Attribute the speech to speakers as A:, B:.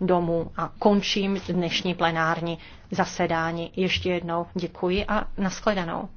A: domů a končím dnešní plenární zasedání. Ještě jednou děkuji a nashledanou.